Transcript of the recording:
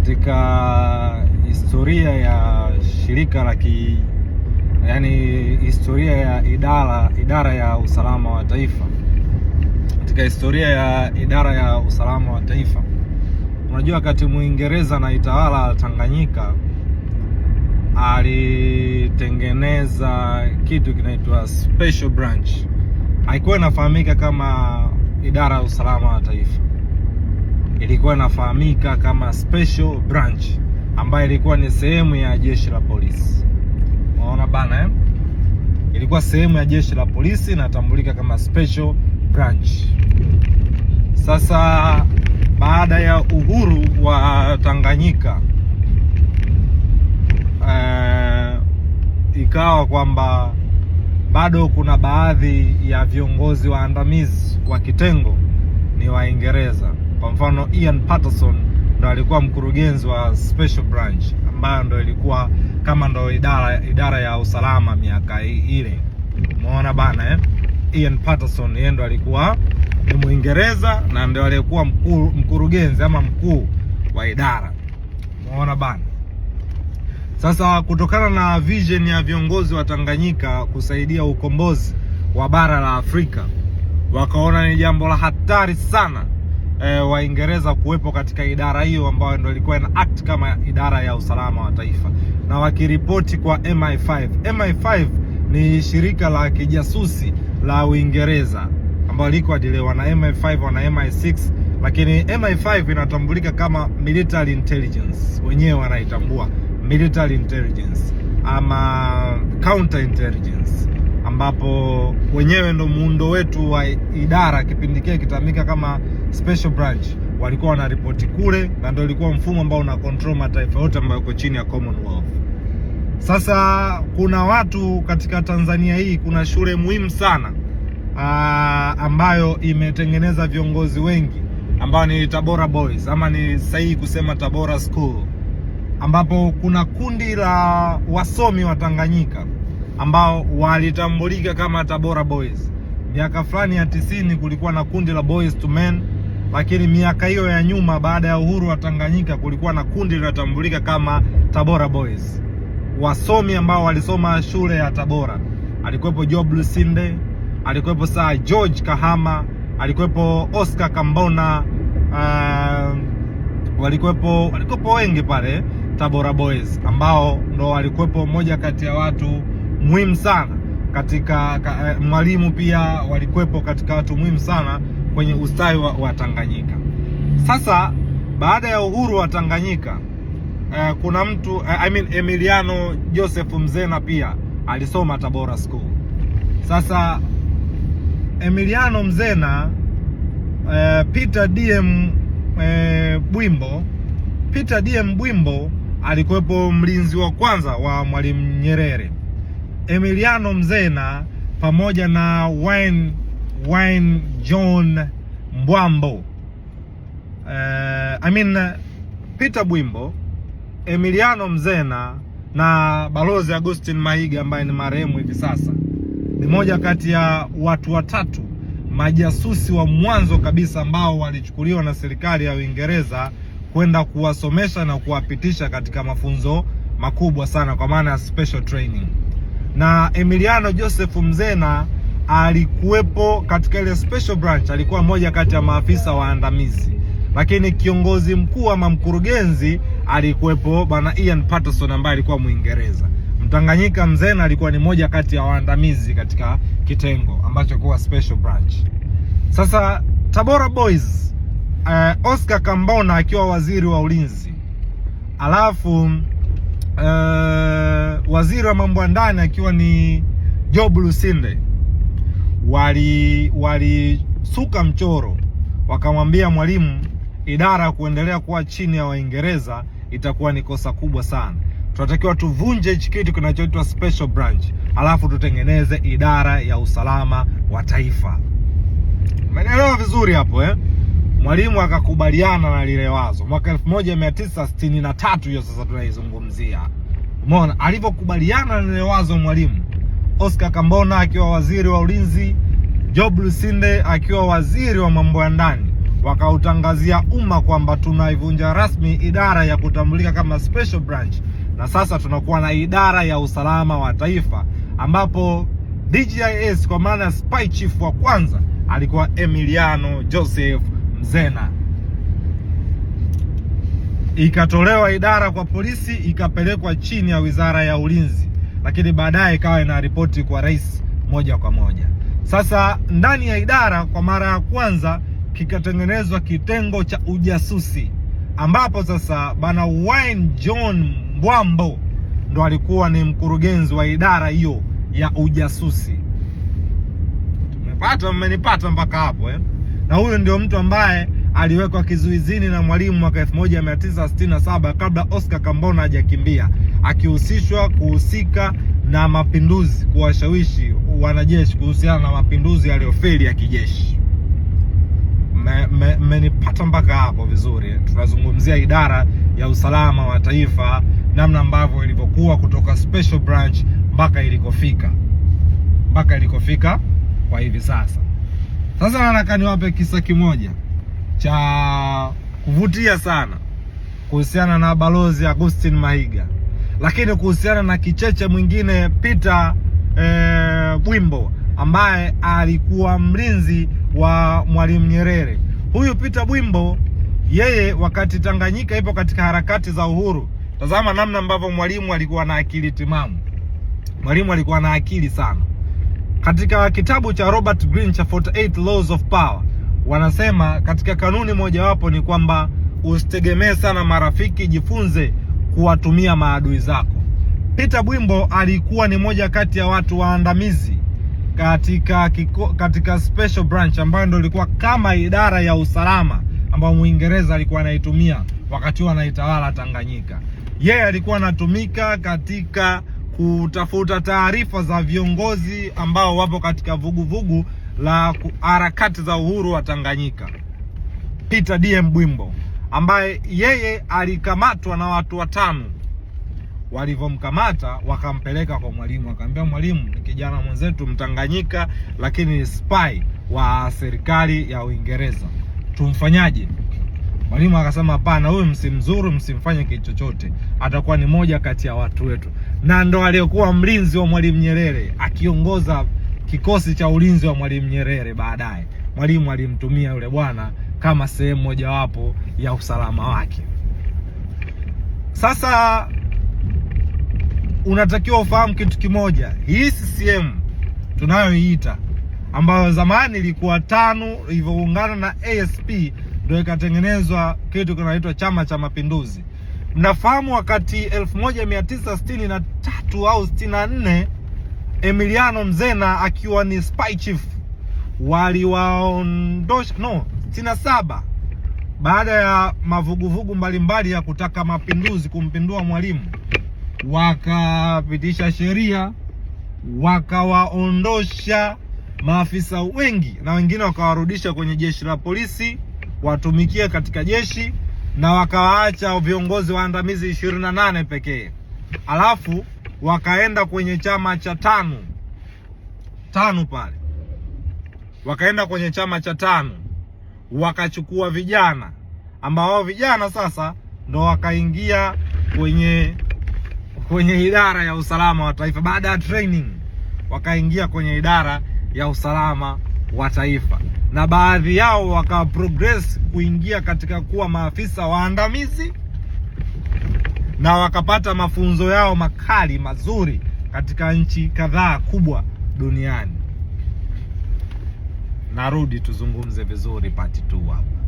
katika historia ya shirika la ki yani, historia ya idara idara ya usalama wa taifa, katika historia ya idara ya usalama wa taifa. Unajua, wakati Mwingereza na itawala Tanganyika alitengeneza kitu kinaitwa special branch, haikuwa inafahamika kama idara ya usalama wa taifa ilikuwa inafahamika kama Special Branch ambayo ilikuwa ni sehemu ya jeshi la polisi. Unaona bana eh? Ilikuwa sehemu ya jeshi la polisi inatambulika kama Special Branch. Sasa baada ya uhuru wa Tanganyika eh, ikawa kwamba bado kuna baadhi ya viongozi waandamizi wa kitengo ni Waingereza. Kwa mfano Ian Patterson ndo alikuwa mkurugenzi wa Special Branch ambayo ndo ilikuwa kama ndo idara, idara ya usalama miaka ile. Umeona bana eh? Ian Patterson yeye ndo alikuwa ni Mwingereza na ndo aliyekuwa mkurugenzi ama mkuu wa idara. Umeona bana. Sasa kutokana na vision ya viongozi wa Tanganyika kusaidia ukombozi wa bara la Afrika, wakaona ni jambo la hatari sana e, Waingereza kuwepo katika idara hiyo ambayo ndio ilikuwa ina act kama idara ya usalama wa taifa na wakiripoti kwa MI5. MI5 ni shirika la kijasusi la Uingereza ambalo liko adile wana MI5 wana MI6, lakini MI5 inatambulika kama military intelligence, wenyewe wanaitambua military intelligence ama counter intelligence, ambapo wenyewe ndo muundo wetu wa idara kipindi kile kitaamika kama special branch walikuwa wanaripoti kule, na ndio ilikuwa mfumo ambao una control mataifa yote ambayo yako chini ya Commonwealth. Sasa kuna watu katika Tanzania hii, kuna shule muhimu sana aa, ah, ambayo imetengeneza viongozi wengi ambao ni Tabora Boys ama ni sahihi kusema Tabora School, ambapo kuna kundi la wasomi wa Tanganyika ambao walitambulika kama Tabora Boys. Miaka fulani ya tisini kulikuwa na kundi la Boys to Men lakini miaka hiyo ya nyuma, baada ya uhuru wa Tanganyika, kulikuwa na kundi linatambulika kama Tabora Boys, wasomi ambao walisoma shule ya Tabora. Alikuwepo Job Lusinde, alikuwepo Sir George Kahama, alikuwepo Oscar Kambona, uh, walikuwepo walikuwepo wengi pale Tabora Boys ambao ndo walikuwepo moja kati ya watu muhimu sana katika ka, eh, Mwalimu pia walikuwepo katika watu muhimu sana kwenye ustawi wa, wa Tanganyika. Sasa baada ya uhuru wa Tanganyika eh, kuna mtu eh, I mean Emiliano Joseph Mzena pia alisoma Tabora School. Sasa Emiliano Mzena eh, Peter DM eh, Bwimbo Peter DM Bwimbo alikuwepo mlinzi wa kwanza wa Mwalimu Nyerere. Emiliano Mzena pamoja na Wayne, Wayne John Mbwambo uh, I mean, Peter Bwimbo, Emiliano Mzena na Balozi augustin Mahiga ambaye ni marehemu hivi sasa, ni moja kati ya watu watatu majasusi wa mwanzo kabisa ambao walichukuliwa na serikali ya Uingereza kwenda kuwasomesha na kuwapitisha katika mafunzo makubwa sana kwa maana ya special training na Emiliano Joseph Mzena alikuwepo katika ile special branch, alikuwa mmoja kati ya maafisa waandamizi, lakini kiongozi mkuu ama mkurugenzi alikuwepo bwana Ian Patterson ambaye alikuwa Mwingereza. Mtanganyika Mzena alikuwa ni moja kati ya waandamizi katika kitengo ambacho kuwa special branch. Sasa Tabora Boys, uh, Oscar Kambona akiwa waziri wa ulinzi alafu uh, waziri wa mambo ya ndani akiwa ni Job Lusinde wali walisuka mchoro wakamwambia Mwalimu, idara ya kuendelea kuwa chini ya Waingereza itakuwa ni kosa kubwa sana. Tunatakiwa tuvunje hichi kitu kinachoitwa special branch, alafu tutengeneze idara ya usalama wa taifa. Umeelewa vizuri hapo eh? Mwalimu akakubaliana na lile wazo mwaka tatu hiyo sasa tunaizungumzia. Umeona, alivyokubaliana na lile wazo mwalimu Oscar Kambona akiwa waziri wa ulinzi, Job Lusinde akiwa waziri wa mambo ya ndani, wakautangazia umma kwamba tunaivunja rasmi idara ya kutambulika kama special branch, na sasa tunakuwa na idara ya usalama wa taifa ambapo DGIS kwa maana spy chief wa kwanza alikuwa Emiliano Joseph Mzena, ikatolewa idara kwa polisi ikapelekwa chini ya wizara ya ulinzi, lakini baadaye ikawa inaripoti kwa rais moja kwa moja. Sasa ndani ya idara kwa mara ya kwanza kikatengenezwa kitengo cha ujasusi, ambapo sasa bana Wayne John Mbwambo ndo alikuwa ni mkurugenzi wa idara hiyo ya ujasusi. Tumepata, mmenipata mpaka hapo eh? na huyu ndio mtu ambaye aliwekwa kizuizini na Mwalimu mwaka 1967 kabla Oscar Kambona hajakimbia akihusishwa kuhusika na mapinduzi, kuwashawishi wanajeshi kuhusiana na mapinduzi yaliyofeli ya kijeshi. Mmenipata me, mpaka hapo vizuri? Tunazungumzia idara ya usalama wa taifa, namna ambavyo ilivyokuwa kutoka special branch mpaka ilikofika mpaka ilikofika kwa hivi sasa. Sasa nataka niwape kisa kimoja cha kuvutia sana kuhusiana na Balozi Augustine Mahiga, lakini kuhusiana na kicheche mwingine Peter e, Bwimbo ambaye alikuwa mlinzi wa Mwalimu Nyerere. Huyu Peter Bwimbo yeye, wakati Tanganyika ipo katika harakati za uhuru, tazama namna ambavyo Mwalimu alikuwa na akili timamu. Mwalimu alikuwa na akili sana katika kitabu cha Robert Greene cha 48 Laws of Power wanasema katika kanuni mojawapo ni kwamba usitegemee sana marafiki, jifunze kuwatumia maadui zako. Peter Bwimbo alikuwa ni moja kati ya watu waandamizi katika, kiko, katika special branch ambayo ndio ilikuwa kama idara ya usalama ambayo Mwingereza alikuwa anaitumia wakati huo anaitawala Tanganyika. Yeye alikuwa anatumika katika kutafuta taarifa za viongozi ambao wapo katika vuguvugu vugu la harakati za uhuru wa Tanganyika. Peter DM Bwimbo ambaye yeye alikamatwa na watu watano. Walivyomkamata wakampeleka kwa mwalimu, akamwambia mwalimu, ni kijana mwenzetu Mtanganyika, lakini ni spy wa serikali ya Uingereza, tumfanyaje? Mwalimu akasema hapana, huyu msimzuru, msimfanye kitu chochote, atakuwa ni moja kati ya watu wetu, na ndo aliyokuwa mlinzi wa Mwalimu Nyerere akiongoza kikosi cha ulinzi wa Mwalimu Nyerere. Baadaye mwalimu alimtumia yule bwana kama sehemu mojawapo ya usalama wake. Sasa unatakiwa ufahamu kitu kimoja, hii CCM tunayoiita ambayo zamani ilikuwa tano ilivyoungana na ASP ndio ikatengenezwa kitu kinaitwa Chama cha Mapinduzi. Mnafahamu wakati 1963 au 64 Emiliano Mzena akiwa ni spy chief waliwaondosha no 67 baada ya mavuguvugu mbalimbali ya kutaka mapinduzi kumpindua Mwalimu, wakapitisha sheria wakawaondosha maafisa wengi na wengine wakawarudisha kwenye jeshi la polisi watumikie katika jeshi na wakawaacha viongozi waandamizi ishirini na nane pekee, alafu wakaenda kwenye chama cha tano tano pale, wakaenda kwenye chama cha tano wakachukua vijana ambao wao vijana sasa ndo wakaingia kwenye kwenye idara ya usalama wa taifa baada ya training, wakaingia kwenye idara ya usalama wa taifa, na baadhi yao waka progress kuingia katika kuwa maafisa waandamizi na wakapata mafunzo yao makali mazuri katika nchi kadhaa kubwa duniani. Narudi tuzungumze vizuri part 2 hapa.